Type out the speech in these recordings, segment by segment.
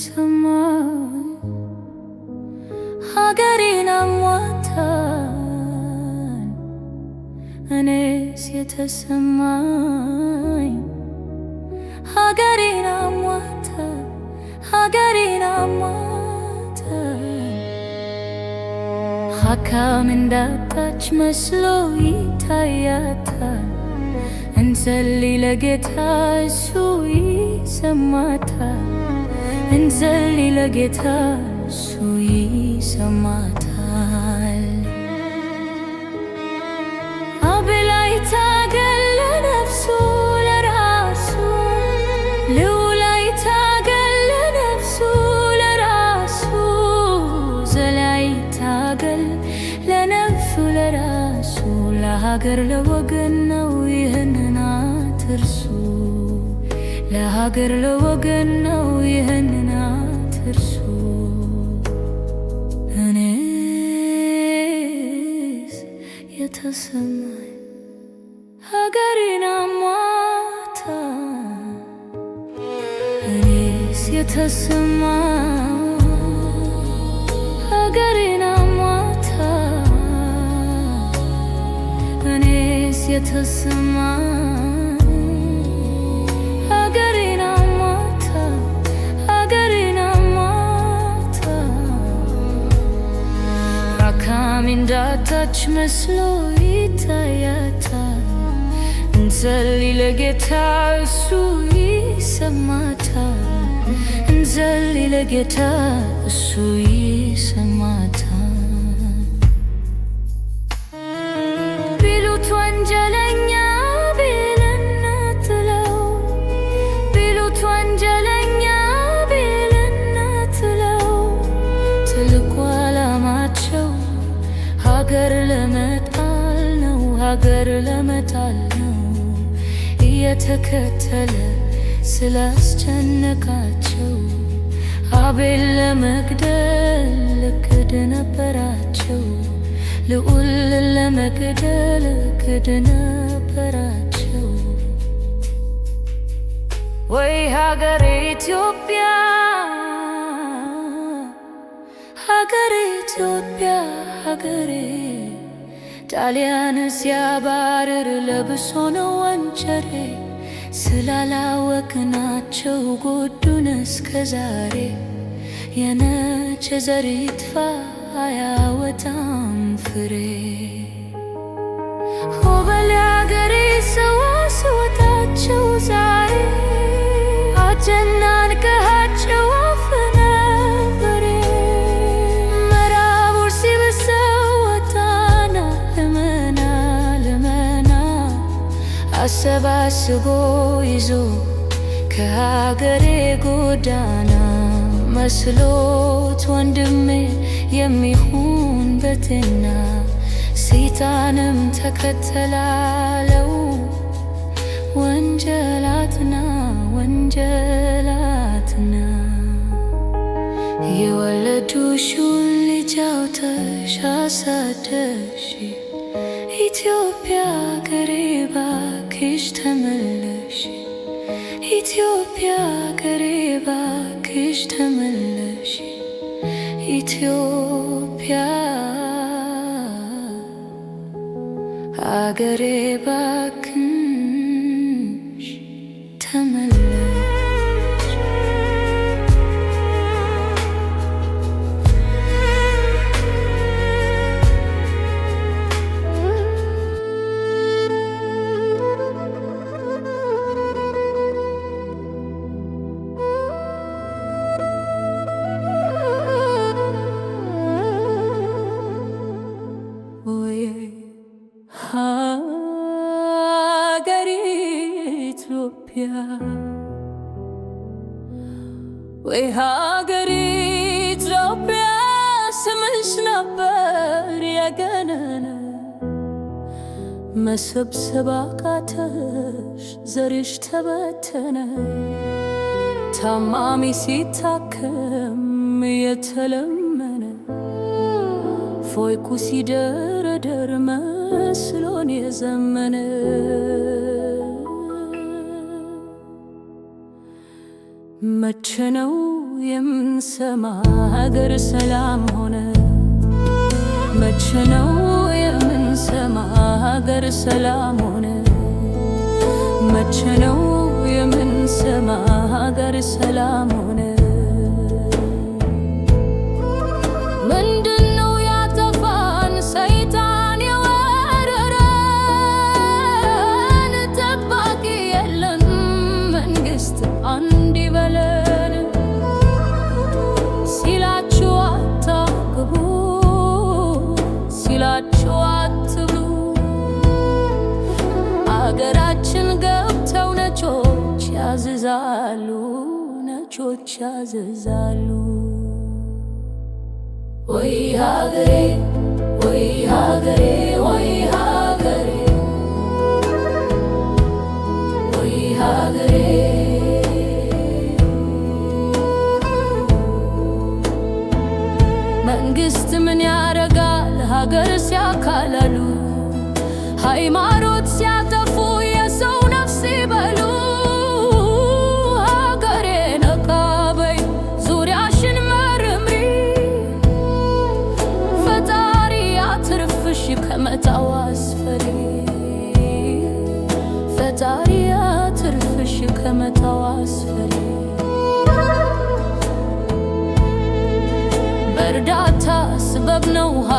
ሰማይ ሀገሬን አሟታን እኔስ የተሰማኝ ሀገሬን አሟታ ሀገሬን አሟታ ሀካም እንዳጣች መስሎ ይታያታል። እንጸልይ ለጌታ እሱ ይሰማታል። እንጸልይ ለጌታ እሱ ይሰማታል። አብላይታ ገል ለነፍሱ ለራሱ ልውላይታ ገል ለነፍሱ ለራሱ ዘላይ ገል ለነፍሱ ለራሱ ለሀገር ለወገን ነው ይህንን አትርሱ። ለሀገር ለወገን ነው ይህን ተሰማ የተሰማ ሀገሬን አሟታል ሀገሬን አሟታል መስሎ ይታያታል እንጸልይ ለጌታ እሱ ይሰማታል ስትዘል ለጌታ እሱ ይሰማታል። ቢሉት ወንጀለኛ ቢለን ቢሉት ወንጀለኛ ቢለን ትልቁ አላማቸው ሀገር ለመጣል ነው፣ ሀገር ለመጣል ነው እየተከተለ ስላስጨነቃቸው አቤል ለመግደል እቅድ ነበራቸው፣ ልዑል ለመግደል እቅድ ነበራቸው። ወይ ሀገሬ ኢትዮጵያ ሀገሬ ኢትዮጵያ ሀገሬ ጣሊያን ሲያባርር ለብሶ ነው ወንጀሬ ስላላወቅናቸው ጎዱን እስከ ዛሬ የነጭ ዘር ይጥፋ አያወጣም ፍሬ ሆበል አገሬ ሰባስቦ ይዞ ከሀገሬ ጎዳና መስሎት ወንድሜ የሚሆን በትና ሰይጣንም ተከተላለው ወንጀላትና ወንጀላትና የወለዱሽን ልጅ አውጥተሽ አሳደግሽ ኢትዮጵያ ገሬ እባክሽ ተመለሽ ኢትዮጵያ አገሬ እባክሽ ተመለሽ ኢትዮጵያ አገሬ እባክሽ ወይ ሀገሬ ኢትዮጵያ ስምሽ ነበር የገነነ መሰብሰብ አቃተሽ ዘርሽ ተበተነ ታማሚ ሲታከም የተለመነ ፎይኩ ሲደረደር መስሎን የዘመነ መቼ ነው የምንሰማ ሀገር ሰላም ሆነ? መቼ ነው የምንሰማ ሀገር ሰላም ሆነ? መቼ ነው የምንሰማ ሀገር ሰላም ሆነ? ይሻዘዛሉ። ወይ ሀገሬ ወይ ሀገሬ ወይ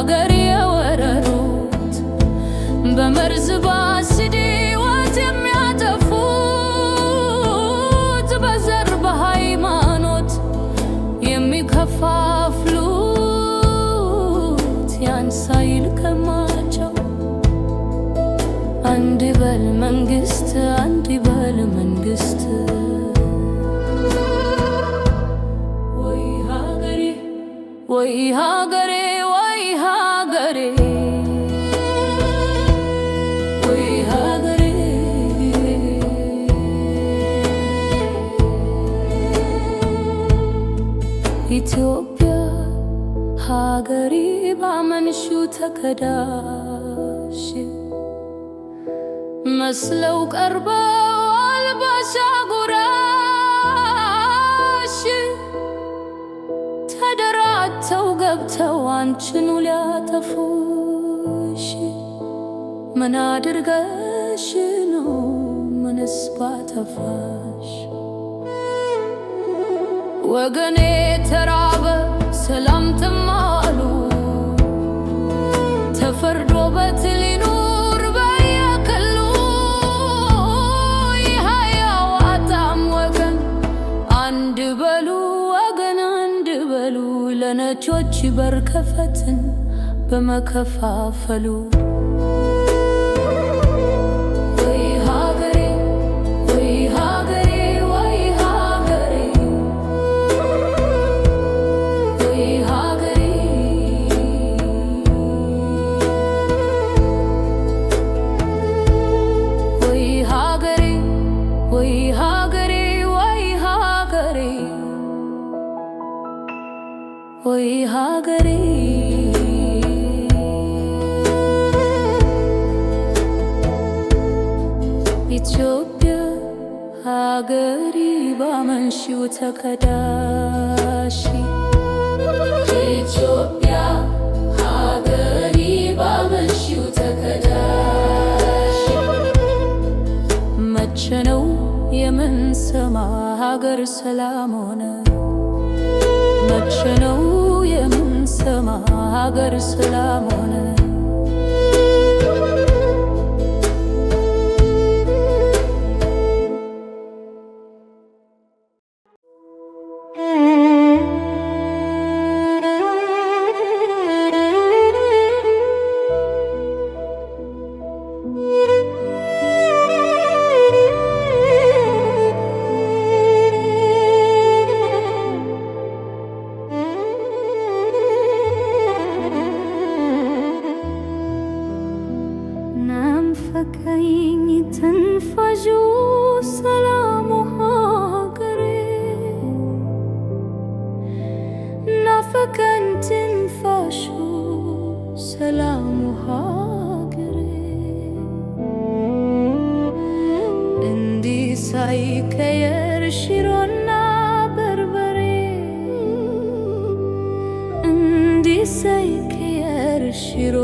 ከአገር የወረሩት በመርዝ በአሲድ ሕይወት የሚያጠፉት በዘር በሃይማኖት የሚከፋፍሉት ያን ሳይል ከማቸው አንድ በል መንግስት፣ አንድ በል መንግስት ወይ ሀገሬ ሀገሪ ባመንሹ ተከዳሽ መስለው ቀርበው አልባሻ ጉራሽ ተደራተው ገብተው አንችኑ ሊያጠፉሽ ምን አድርገሽ ነው ምንስ ባጠፋሽ ወገኔ ተራበ ሰላም ጥማ ወርዶ በትል ይኑር በየክልሉ የሕያው አጣም ወገን አንድ በሉ ወገን አንድ በሉ ለነጮች በር ከፈትን በመከፋፈሉ ሰላም ሆነ። መቼ ነው የምንሰማ ሀገር ሰላም ሆነ? ናፈቀን ትንፋሹ ሰላሙ ሀገሬ እንዲህ ሳይቀየር ሽሮና በርበሬ እንዲህ ሳይቀየር ሽሮ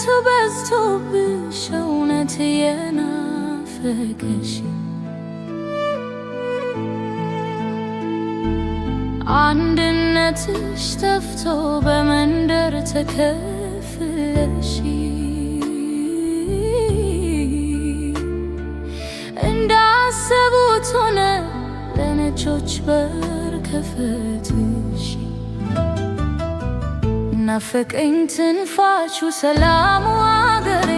እውነቱ በዝቶብሽ እውነት የናፈቀሽ አንድነትሽ ተፍቶ በመንደር ተከፍለሽ እንዳሰቡት ሆነ ለነጮች በር ከፈቱ። ናፈቀኝ ትንፋሹ ሰላሙ አገሬ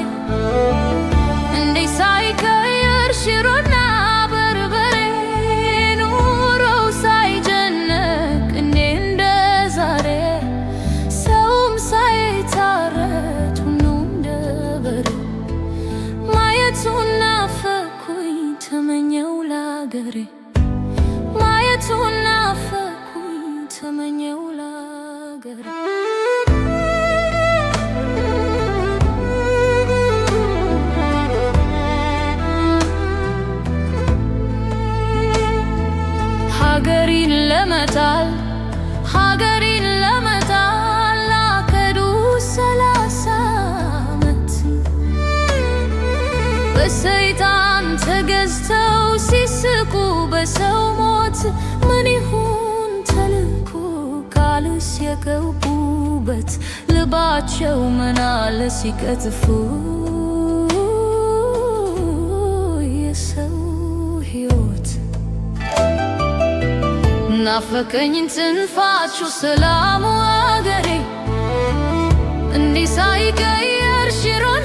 እንዴ ሳይቀየር ሽሮና በርበሬ ኑሮው ሳይጀነቅ እንዴ እንደ ዛሬ ሰውም ሳይታረት እንደ በሬ ማየቱ ናፈኩኝ ተመኘው ላገሬ ሰይጣን ተገዝተው ሲስቁ በሰው ሞት ምን ይሁን ተልኩ ቃልስ የገቡበት ልባቸው ምናለ ሲቀጥፉ የሰው ሕይወት ናፈቀኝ ትንፋችሁ ሰላሙ አገሬ እንዲህ ሳይቀየር ሽሮን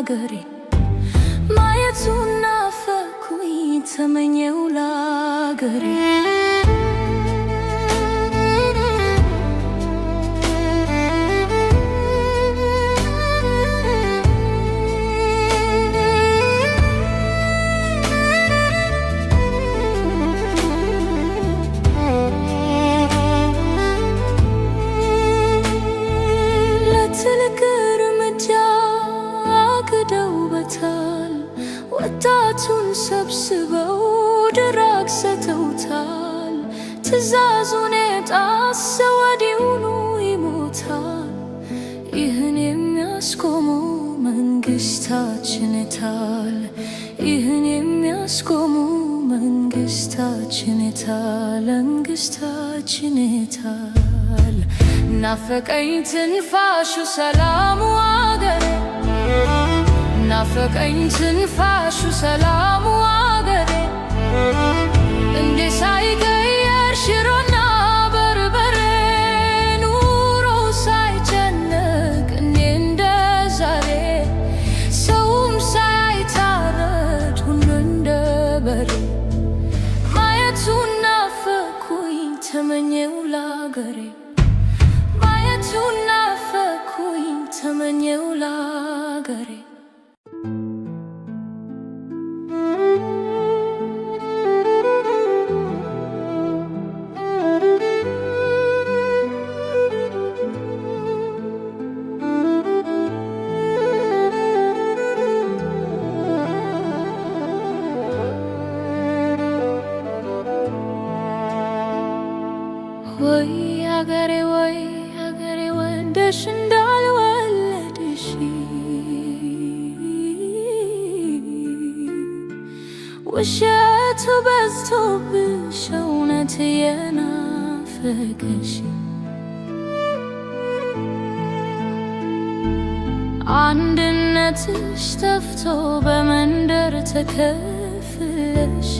ሀገሬ ማየቱን ናፈኩኝ ተመኘው ላገሬ ናፈቀኝ ትንፋሹ ሰላሙ አገሬ ናፈቀኝ ትንፋሹ ሰላሙ ወይ ሀገሬ ወይ ሀገሬ ወደሽ እንዳልወለድሽ ውሸቱ በዝቶብሽ እውነት የናፈቀሽ አንድነትሽ ተፍቶ በመንደር ተከፍለሽ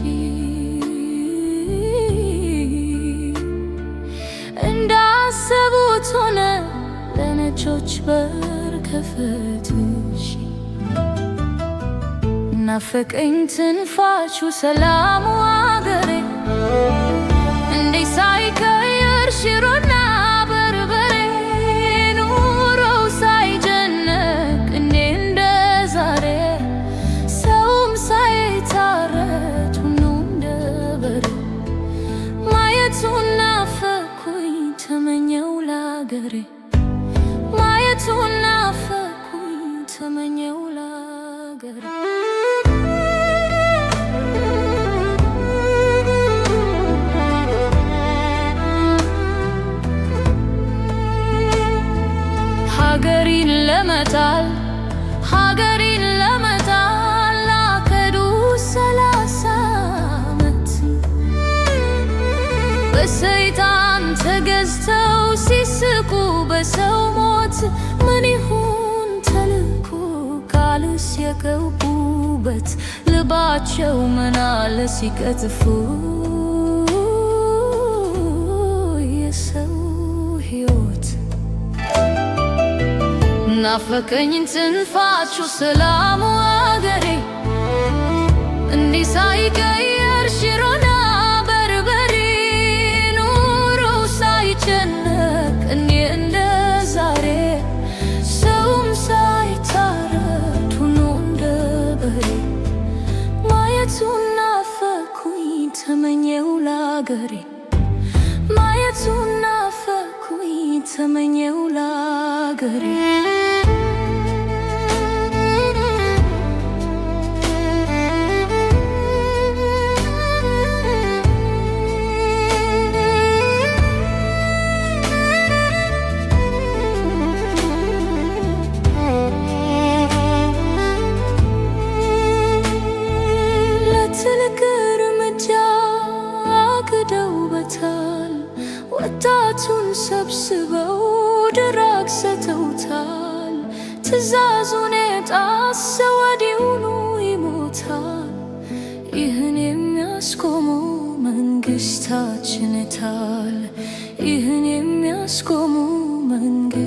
ደጆች በር ከፈትሽ ናፈቀኝ ትንፋሹ ሰላሙ ስልጣን ተገዝተው ሲስቁ በሰው ሞት ምን ይሁን ተልኩ ቃልስ የገቡበት ልባቸው ምናለ ሲቀጥፉ የሰው ሕይወት ናፈቀኝ ትንፋችሁ ሰላሙ አገሬ እንዲህ ሳይቀየር ሽሮነ ሳይጨነቅ እኔ እንደ ዛሬ ሰውም ሳይታረድ ሆኖ እንደ በሬ ማየቱን ናፈኩኝ ተመኘው ላገሬ ማየቱን ናፈኩኝ ተመኘው ላገሬ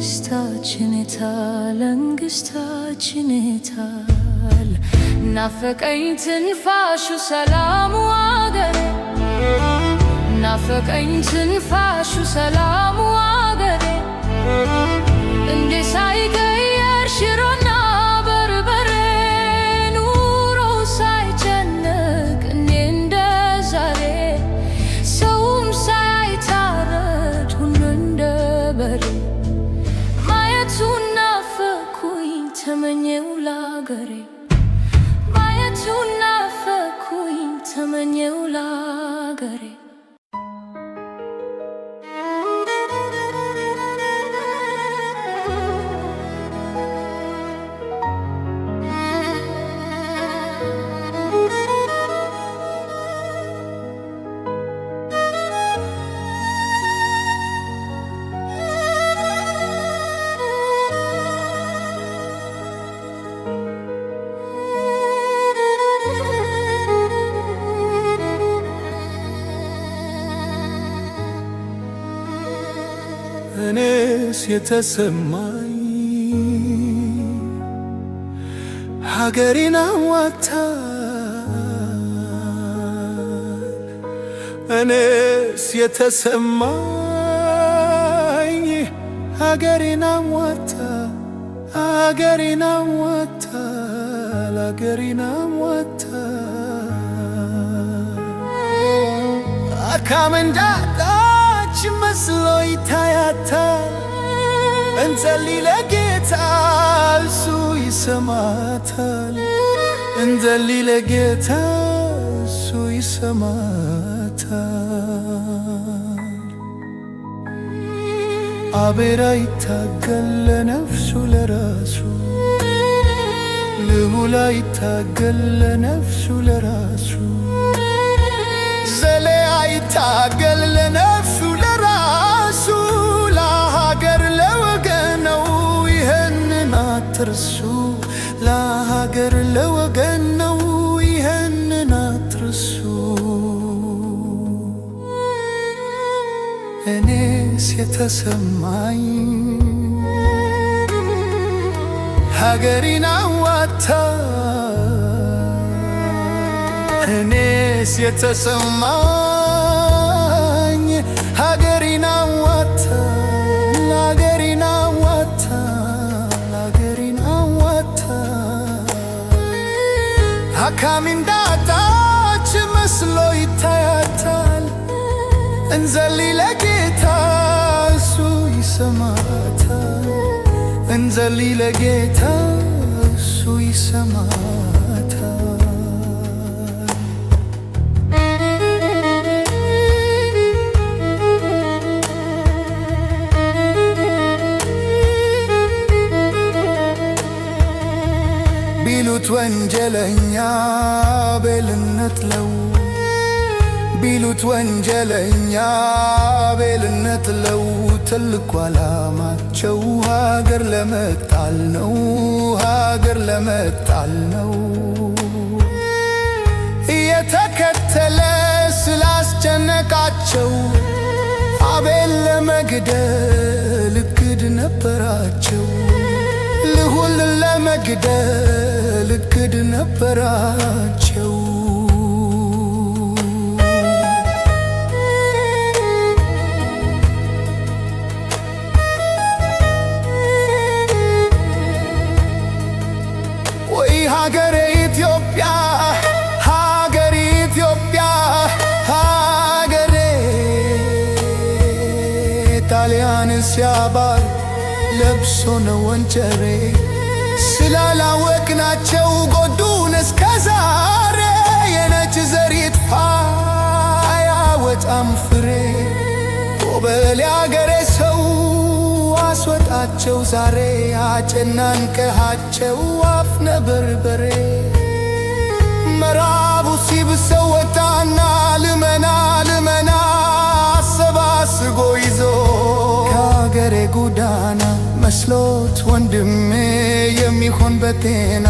ደስታችን የታል እንግስታችን የታል ናፈቀኝ ትንፋሹ ሰላሙ አገሬ ናፈቀኝ ትንፋሹ ሰላሙ አገሬ እንዴ ሳይቀየር ሽሮን የተሰማኝ ሀገሬን አዋታ እኔስ የተሰማኝ ሀገሬን አዋታ ሀገሬን አዋታ ሀገሬን አዋታ አካም እንዳጣች መስሎ ይታያታል እንጸልይ ለጌታ እሱ ይሰማታል። እንጸልይ ለጌታ እሱ ይሰማታል። አቤራ ይታገል ለነፍሱ ለራሱ ልዑላ ይታገል ለነፍሱ ለራሱ ዘሌያ ይታገል ለነ አትርሱ፣ ለሀገር ለወገን ነው ይህንን አትርሱ። እኔስ የተሰማኝ ሀገሬን አዋታ እኔስ የተሰማኝ ድካም እንዳጣች መስሎ ይታያታል። እንዘሊ ለጌታ እሱ ይሰማታል። እንጸልይ ለጌታ እሱ ይሰማታል። ወንጀለኛ አቤልነት ለው ቢሉት ወንጀለኛ አቤልነት ለው ትልቁ አላማቸው ሀገር ለመጣል ነው፣ ሀገር ለመጣል ነው። እየተከተለ ስላስጨነቃቸው አቤል ለመግደል እቅድ ነበራቸው ልሁል ለመግደል እቅድ ነበራቸው። ወይ ኢትዮጵያ ሀገሬ ጣሊያን ሲያባር ለብሶ ነው ወንጀሬ ስላላወቅናቸው ጎዱን እስከ ዛሬ የነጭ ዘር ይጥፋ አያወጣም ፍሬ ቆበሌ አገሬ ሰው አስወጣቸው ዛሬ አጨናንቀሃቸው አፍ ነበርበሬ መራቡ ሲብሰው መስሎት ወንድሜ የሚሆን በጤና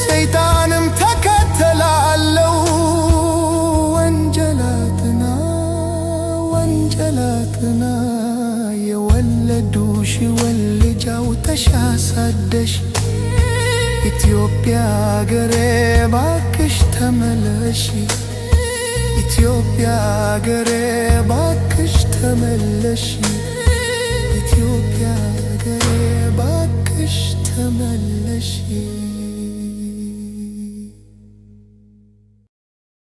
ሰይጣንም ተከተላለው ወንጀላትና ወንጀላትና የወለዱሽ ወልጃው ተሻሳደሽ ኢትዮጵያ አገሬ ባክሽ ተመለሺ ኢትዮጵያ አገሬ ባክሽ ተመለሺ ኢትዮጵያ aşk temelleşir